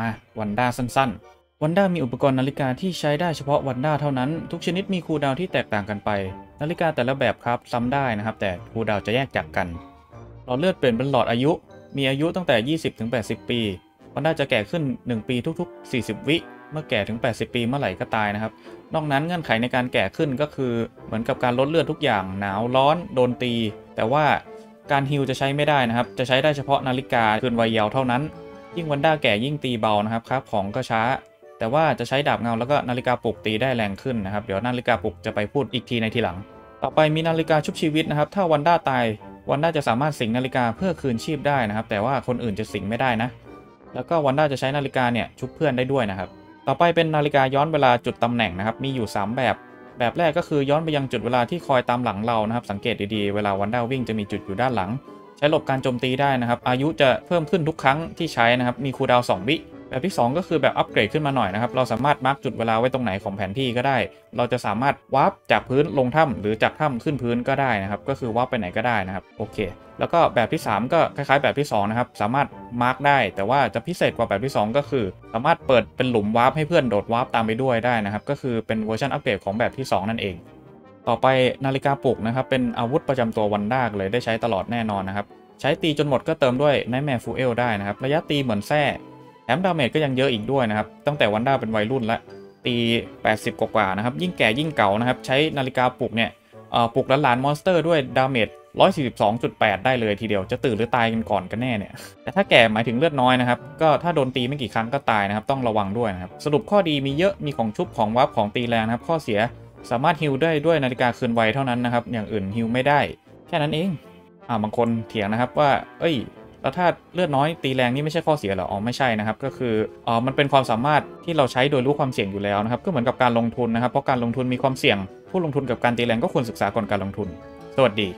มาวันด้าสั้น ๆ วันด้ามีอุปกรณ์นาฬิกาที่ใช้ได้เฉพาะวันด้าเท่านั้น ทุกชนิดมีคูดาวที่แตกต่างกันไป นาฬิกาแต่ละแบบครับ ซ้ำได้นะครับ แต่ คูดาวจะแยกจากกันหลอดเลือดเปลี่ยนเป็นหลอดอายุ มีอายุตั้งแต่ 20-80 ปี วันด้าจะแก่ขึ้น 1 ปีทุกๆ 40 วิ เมื่อแก่ถึง 80 ปีเมื่อไหร่ก็ตายนะครับนอกนั้นเงื่อนไขในการแก่ขึ้นก็คือเหมือนกับการลดเลือดทุกอย่างหนาวร้อน โดนตี แต่ว่าการฮิวจะใช้ไม่ได้นะครับจะใช้ได้เฉพาะนาฬิกาคืนวัยเยาว์เท่านั้นยิ่งวันด้าแก่ยิ่งตีเบานะครับครับของก็ช้า แต่ว่าจะใช้ดาบเงาแล้วก็นาฬิกาปลุกตีได้แรงขึ้นนะครับ เดี๋ยวนาฬิกาปลุกจะไปพูดอีกทีในทีหลัง ต่อไปมีนาฬิกาชุบชีวิตนะครับ ถ้าวันด้าตายวันด้าจะสามารถสิงนาฬิกาเพื่อคืนชีพได้นะครับ แต่ว่าคนอื่นจะสิงไม่ได้นะ แล้วก็วันด้าจะใช้นาฬิกาเนี่ยชุบเพื่อนได้ด้วยนะครับ ต่อไปเป็นนาฬิกาย้อนเวลาจุดตำแหน่งนะครับ มีอยู่ 3 แบบ แบบแรกก็คือย้อนไปยังจุดเวลาที่คอยตามหลังเรานะครับ สังเกตดีๆ เวลาวันด้าวิ่งจะมีจุดอยู่ด้านหลังช้หลบการโจมตีได้นะครับ อายุจะเพิ่มขึ้นทุกครั้งที่ใช้นะครับ มีคูดาวสอ2วิ แบบที่ 2 ก็คือแบบอัปเกรดขึ้นมาหน่อยนะครับ เราสามารถมาร์กจุดเวลาไว้ตรงไหนของแผนที่ก็ได้ เราจะสามารถวาร์ปจากพื้นลงถ้ำหรือจากถ้ำขึ้นพื้นก็ได้นะครับ ก็คือวาร์ปไปไหนก็ได้นะครับโอเค แล้วก็แบบที่ 3 ก็คล้ายๆ แบบที่ 2 นะครับสามารถมาร์กได้แต่ว่าจะพิเศษกว่าแบบที่ 2 ก็คือ สามารถเปิดเป็นหลุมวาร์ปให้เพื่อนโดดวาร์ปตามไปด้วยได้นะครับก็คือเป็นเวอร์ชันอัปเกรดของแบบที่ 2 นั่นเองต่อไปนาฬิกาปลุกนะครับ เป็นอาวุธประจำตัววันดากเลยได้ใช้ตลอดแน่นอนนะครับ ใช้ตีจนหมดก็เติมด้วยานแมฟูเอลได้นะครับ ระยะตีเหมือนแท้แถมดาเมจก็ยังเยอะอีกด้วยนะครับตั้งแต่วันด้าเป็นวัยรุ่นละ ตี 80 กว่าๆนะครับ ยิ่งแก่ยิ่งเก่านะครับ ใช้นาฬิกาปลุกเนี่ยปลุกหลานมอนสเตอร์ด้วยดาเมจ 142.8 ได้เลยทีเดียวจะตื่นหรือตายกันก่อนกันแน่เนี่ยแต่ถ้าแก่หมายถึงเลือดน้อยนะครับก็ถ้าโดนตีไม่กี่ครั้งก็ตายนะครับต้องระวังด้วยนะครับสรุปข้อดีมีเยอะมีของชุบของวับของตีแรงนะครับข้อเสียสามารถฮิลได้ด้วยนาฬิกาคืนไวเท่านั้นนะครับอย่างอื่นฮิลไม่ได้ แค่นั้นเองอ่าบางคนเถียงนะครับว่า เอ้ยแล้วถ้าเลือดน้อยตีแรงนี่ไม่ใช่ข้อเสียหรออ๋อไม่ใช่นะครับ ก็คืออ๋อมันเป็นความสามารถที่เราใช้โดยรู้ความเสี่ยงอยู่แล้วนะครับก็เหมือนกับการลงทุนนะครับ เพราะการลงทุนมีความเสี่ยงผู้ลงทุนกับการตีแรงก็ควรศึกษาก่อนการลงทุน สวัสดี